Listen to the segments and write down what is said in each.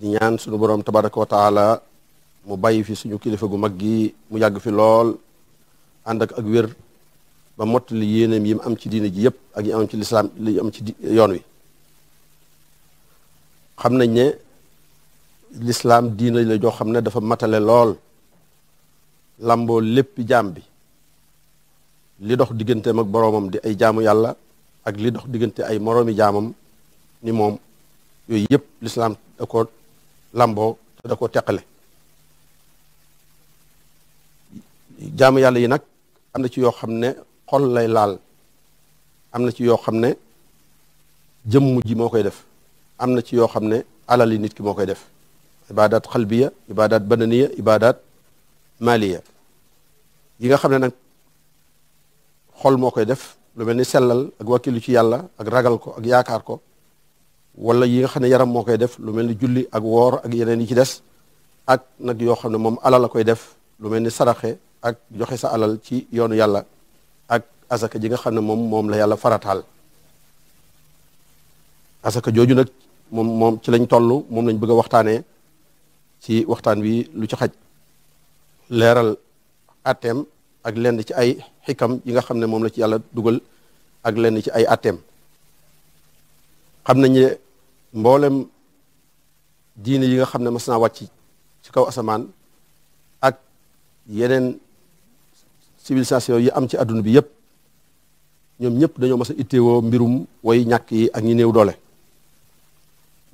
di ñaan suñu borom tabaraka wa mu bàyyi fi suñu kilifa gu mag gi mu yàgg fi lool ànd ak ak wér ba mottali yéeneem yi mu am ci diina ji yëpp ak yi am ci lislaam li am ci yoon wi xam nañ ne lislaam diine la joo xam ne dafa matale lool lamboo lépp jaam bi li dox diggante ak boroomam di ay jaamu yàlla ak li dox diggante ay moroomi jaamam ni moom yooyu yëpp lislaam da làmboo te da koo teqale jaamu yàlla yi nag am na ci yoo xam ne xol lay laal am na ci yoo xam ne jëm ji moo koy def am na ci yoo xam ne alal yi nit ki moo koy def ibadat xalbiya ibadat bananiya ibadat maliya yi nga xam ne nag xol moo koy def lu mel ni sellal ak wakkilu ci yàlla ak ragal ko ak yaakaar ko wala yi nga xam ne yaram moo koy def lu mel ni julli ak woor ak yeneen yi ci des ak nag yoo xam ne moom alal la koy def lu mel ni saraxe ak joxe sa alal ci yoonu yàlla ak asaka ji nga xam ne moom moom la yàlla farataal asaka jooju nag moom moom ci lañ toll moom lañ bëgg a waxtaanee ci waxtaan wi lu ci xaj leeral atteem ak lenn ci ay xikam yi nga xam ne moom la ci yàlla dugal ak lenn ci ay atteem xam ne mboolem diine yi nga xam ne mas naa wàcc ci kaw asamaan ak yeneen civilisation yi am ci adduna bi yëpp ñoom ñëpp dañoo mas a itteewoo mbirum way ñàkk yi ak ñi néew doole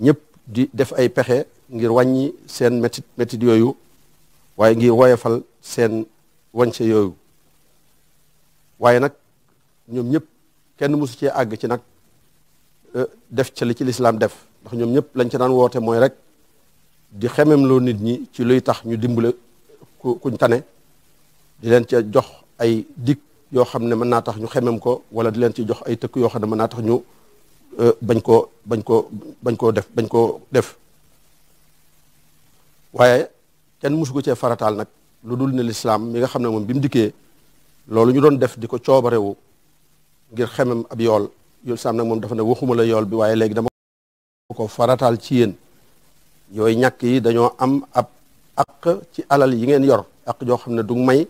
ñëpp di def ay pexe ngir wàññi seen métit métit yooyu waaye ngir woyefal seen wànce yooyu waaye nag ñoom ñëpp kenn mosu cee àgg ci nag Euh, def ca li ci lislaam def ndax ñoom ñëpp lañ ci daan woote mooy rek di xemem loo nit ñi ci luy tax ñu dimbale ku kuñ tane di leen ca jox ay dikk yoo xam ne mën naa tax ñu xemem ko wala di leen ci jox ay tëkk yoo xam ne mën naa tax ñu euh, bañ koo bañ koo bañ koo def bañ koo def waaye kenn musu ko cee farataal nag lu dul ne lislaam mi nga xam ne moom bi mu dikkee loolu ñu doon def di ko coobarewu ngir xemem ab yool yool saam nag moom dafa ne waxuma yool bi waaye léegi dama ko farataal ci yéen yooyu ñàkk yi dañoo am ab àq ci alal yi ngeen yor ak joo xam ne du may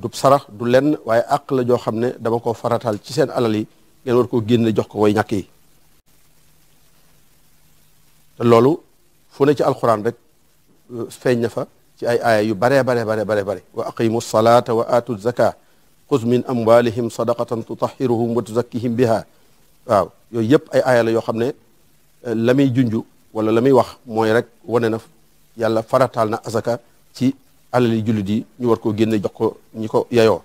du sarax du lenn waaye àq la joo xam ne dama ko faratal ci seen alal yi ngeen war ko génne jox ko woy ñàkk yi te loolu fu ne ci alxuraan rek euh, feeñ na fa ci ay aaya yu baree bare bare bare bare wa aqimu salaata wa aatu zaka xuz min amwalihim sadaqatan tutahiruhum wa tuzakkihim biha waaw yooyu yëpp ay aaya yoo xam ne euh, la muy junju wala la muy wax mooy rek wane na yàlla farataal na asaka ci alali jullit yi ñu war koo génne jox ko ñi ko yayoo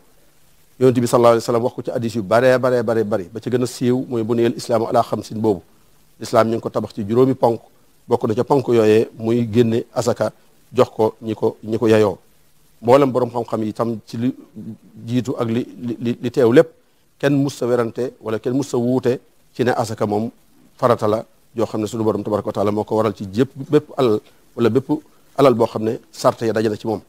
yonent bi sallallahu alayhi wa wax ko ci addis yu baree baree baree bari ba ci gën a siiw mooy bu neel islaamu ala xamsin boobu lislaam ñu ngi ko tabax ci juróomi ponk bokk na ca ponk yooyee muy génne asaka jox ko ñi ko ñi ko yayoo mboolem borom xam-xam yi tam ci li jiitu ak li li li teew lépp kenn mus sa werante wala kenn mus sa wuute ci ne asaka moom farata la joo xam ne suñu borom tabaraka wa taala moo ko waral ci jépp bépp alal wala bépp alal boo xam ne sarte ya daja na ci moom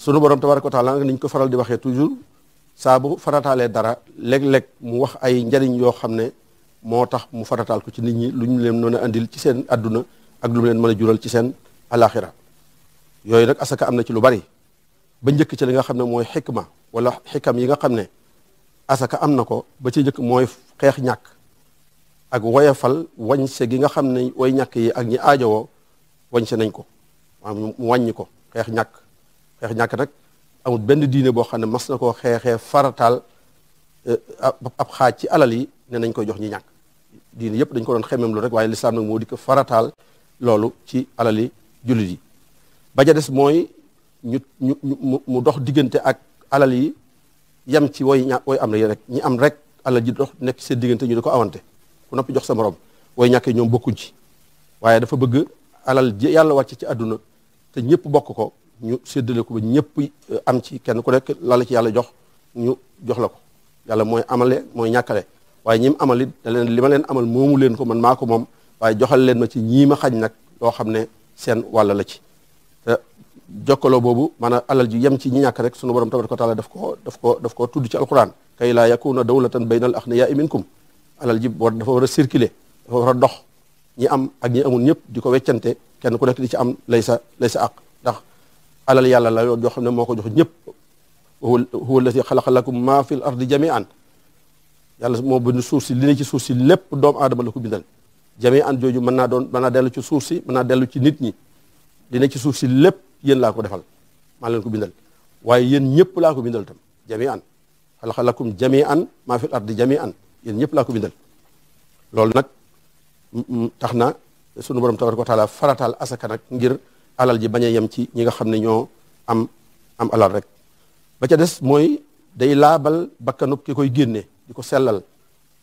sunu borom tabaraka wa taala nag niñ ko faral di waxee toujours saa bu farataalee dara léeg-léeg mu wax ay njariñ yoo xam ne moo tax mu faratal ko ci nit ñi lu ñu leen mën a andil ci seen adduna ak lu leen mën a jural ci seen alaxira yooyu nag asaka am na ci lu bari ba njëkk ci li nga xam ne mooy xikma wala xikam yi nga xam ne asaka am na ko ba ci njëkk mooy xeex ñàkk ak woyafal wañse gi nga xam ne way ñàkk yi ak ñi aajowoo se nañ ko maanaam mu wàññi ko xeex ñakk xeex ñàkk nag amul benn diine boo xam ne mas na koo xeexee farataal eh, ab xaaj ci alal yi ne nañ koy jox ñu ñàkk diine yëpp dañ ko doon xemem lu rek waaye lislaam nag moo dikk farataal loolu ci alal yi jullit yi ba ja des mooy ñu mu dox diggante ak alal yi yam ci woy ña am la yi rek ñi am rek alal ji dox nekk seen diggante ñu di ko awante ku noppi jox sa morom wooy ñàkkee ñoom bokkuñ ci waaye dafa bëgg alal ji yàlla wàcc ci àdduna te ñëpp bokk ko ñu séddale ko ba ñëpp eh, am ci kenn ku nekk la ci yàlla jox ñu jox la ko yàlla mooy amale mooy ñàkkale waaye ñi mu amal it da leen li ma leen amal moomu leen ko man maako moom waaye joxal leen ma ci ñii ma xañ nag loo xam ne seen walla la ci jokkaloo boobu maanaam alal ji yem ci ñi ñàkk rek sunu borom tabaraka wa taala daf ko daf ko daf ko tudd ci alquran kay laa yakuna dawlatan bayna al aghniyaa minkum alal ji war dafa war a circuler dafa war a dox ñi am ak ñi amul ñëpp di ko weccante kenn ku nekk di ci am lay sa lay sa àq ndax alal yàlla la yoo xam ne moo ko jox ñëpp huwa alladi xalaqa lakum ma fi l ardi jamian yàlla moo bind suuf si li ne ci suuf si lépp doomu aadama la ko bindal jamian jooju mën naa doon mën naa dellu ci suuf si mën naa dellu ci nit ñi li ci suuf si lépp yéen laa ko defal maa leen ko bindal waaye yéen ñëpp laa ko bindal tam jami an xalaqa lakum jami an maa fil ardi jami an yéen ñëpp laa ko bindal loolu nag tax na sunu borom tabaraka wa taala farataal asaka nag ngir alal ji bañ a yem ci ñi nga xam ne ñoo am am alal rek ba ca des mooy day laabal bakkanub ki koy génne di ko sellal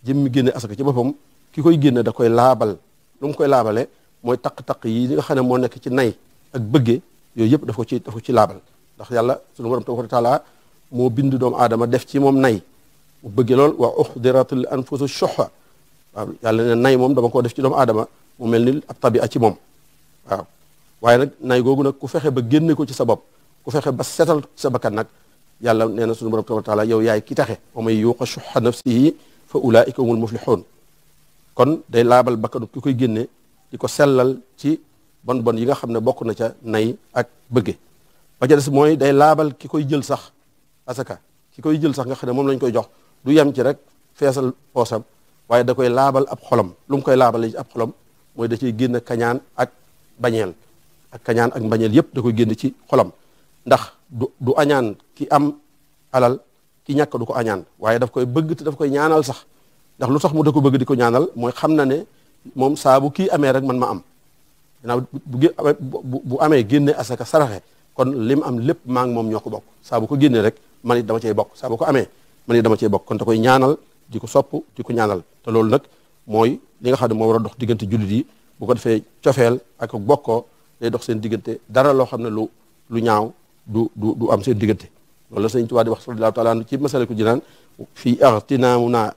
jëmmi génne asaka ci boppam ki koy génne da koy laabal lu koy laabale mooy taq-taq yi nga xam ne moo nekk ci nay ak bëgge yooyu yëpp daf ko ci daf ko ci laabal ndax yàlla sunu borom tabaraka taala moo bind doomu aadama def ci moom nay mu bëgge lool wa uxdiratul anfusu shuhha waaw yàlla ne nay moom dama koo def ci doomu adama mu mel ni ab tabia ci moom waaw waaye nag nay googu nag ku fexe ba génne ko ci sa bopp ku fexe ba setal sa bakkan nag yàlla nee na sunu borom tabaraka taala yow yaay ki taxe wa man yuuqa shuhha nafsihi fa ulaika humul muflihun kon day laabal bakkanu ki koy génne di ko sellal ci bon bon yi nga xam ne bokk na ca nay ak bëgge ba ca mooy day laabal ki koy jël sax asaka ki koy jël sax nga xam ne moom lañ koy jox du yem ci rek feesal poosam waaye da koy laabal ab xolom lu koy laabale ci ab xolam mooy da ciy génn kañaan ak bañeel ak kañaan ak mbañeel yépp da koy génn ci xolom ndax du du añaan ki am alal ki ñàkk du ko añaan waaye daf koy bëgg te daf koy ñaanal sax ndax lu sax mu da ko bëgg di ko ñaanal mooy xam na ne moom saa bu kii amee rek man ma am ginnaaw bu bu amee génne asaka saraxe kon li mu am lépp maa ngi moom ñoo ko bokk saa bu ko génnee rek man it dama cey bokk saa bu ko amee man it dama cey bokk kon te koy ñaanal di sopp di ko ñaanal te loolu nag mooy li nga xam ne moo war a dox diggante jullit yi bu ko defee cofeel ak bokkoo day dox seen diggante dara loo xam ne lu lu ñaaw du du du am seen diggante loolu la sëñ Tuubaa di wax sallallahu taala ci masaliku jinaan fii agtinaamunaa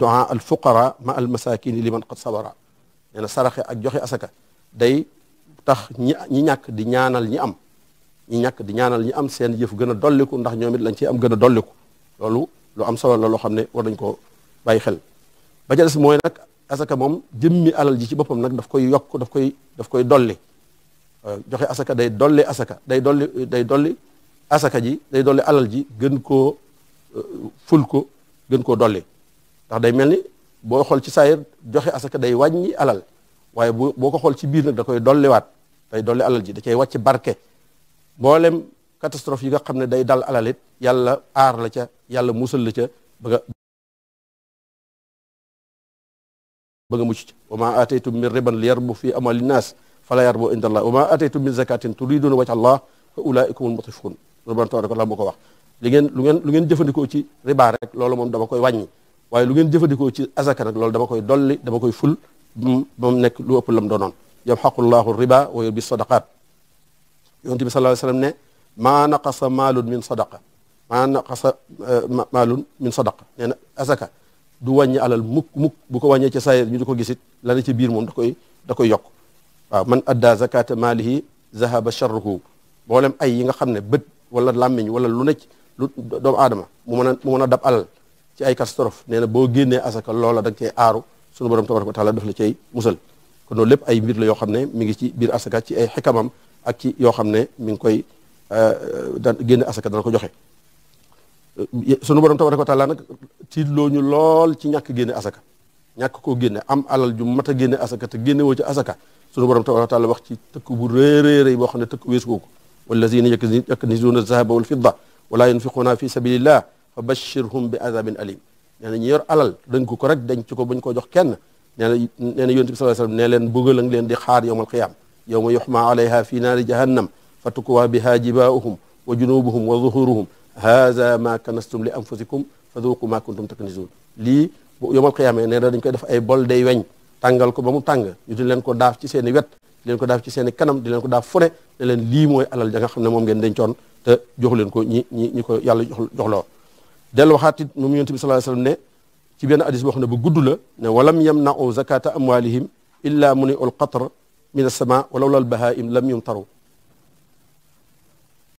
duaa al fuqara ma al masakini liman qad sabara nee na saraxe ak joxe asaka day tax ñi ñi ñàkk di ñaanal ñi am ñi ñàkk di ñaanal ñi am seen yëf gën a dolliku ndax ñoom it lañ ciy am gën a dolliku loolu lu am solo la loo xam ne war nañ ko bàyyi xel ba ca mooy nag asaka moom jëmmi alal ji ci boppam nag daf koy yokk daf koy daf koy dolli euh, joxe asaka day dolli asaka day dolli day dolli asaka ji day dolli alal ji gën koo euh, ful ko gën koo dolli ndax day mel ni boo xool ci saayir joxe asaka day wàññi alal waaye bu boo ko xool ci biir nag da koy dolliwaat day dolli alal ji da cay wàcc barke mboolem catastrophe yi nga xam ne day dal alalit it yàlla aar la ca yàlla musal la ca ba nga ba nga mucc wa ma ataytum min riban li yarbu fi amali nnaas fala yarbu inda allah wa ma ataytum min zakatin turiduna wajha allah fa ulaikumul mutifun rabbana tabaraka allah moo ko wax li ngeen lu ngeen lu ngeen jëfandikoo ci riba rek loolu dama koy wàññi waaye lu ngeen jëfandikoo ci azaka nag loolu dama koy dolli dama koy ful ba mu nekk lu ëpp lam doonoon yamxaqu llahu riba wa yurbi sadaqat yonent bi sallallahu alayhi wasallam ne maa naqasa maalun min sadaqa maa naqasa eh, maalun min sadaqa nee na asaka du wàññi alal mukk muk bu ko wàññee ci saayir ñu di ko gisit la ci biir moom da koy da koy yokk waaw man adda zakata maalihi zahaba charruhu mboolem ay yi nga xam ne bët wala làmmiñ wala lu nekk lu doomu aadama mu mën a mën a dab alal ci ay catastrophe nee na boo génnee asaka loola da nga aaru sunu borom tabaraka wa taala daf la cay musal kon loolu lépp mbir la yoo xam ne mi ngi ci biir asaka ci ay xikamam ak yoo xam ne mi ngi koy euh, daan génn asaka dana ko joxe euh, sunu borom tabaraka wa taala nag loo ñu lool ci ñàkk génne asaka ñàkk koo génne am alal ju mat a génne asaka te génne woo ci asaka sunu borom tabaraka wa taala wax ci tëkk bu réeréeréy boo xam ne tëkk weesu ko ko wallazina yaknizuuna zahaba wal fidda wala yunfiquuna fi sabilillah fa bashirhum bi azabin alim nee na ñu yor alal dañ ko ko rek dañ ci ko bañ koo jox kenn nee na nee na yonent bi sallallahu alayhi wasallam ne leen bëggal a ngi leen di xaar yawmal qiyaam yawma yuhma alayha fi naari jahannam fa tukwaa biha jibaa'uhum wa junubuhum wa zuhuruhum haza ma kanastum li anfusikum fa dhuqu ma kuntum taknizuun lii bu yawmal qiyaama nee na dañ koy def ay bol day weñ tàngal ko ba mu tàng ñu di leen ko daaf ci seen wet di leen ko daaf ci seen i kanam di leen ko daaf fune ne lii mooy alal ja nga xam ne moom ngeen dencoon te jox leen ko ñi ñi ñi ko yàlla jox joxloo dellu waxaatit moom yonent bi sallallahu alayhi wasallam ne ci benn hadis boo xam ne bu gudd la ne walam yamna'u zakata amwalihim illa muni'u al qatra min as-sama walaw la al bahaim lam yumtaru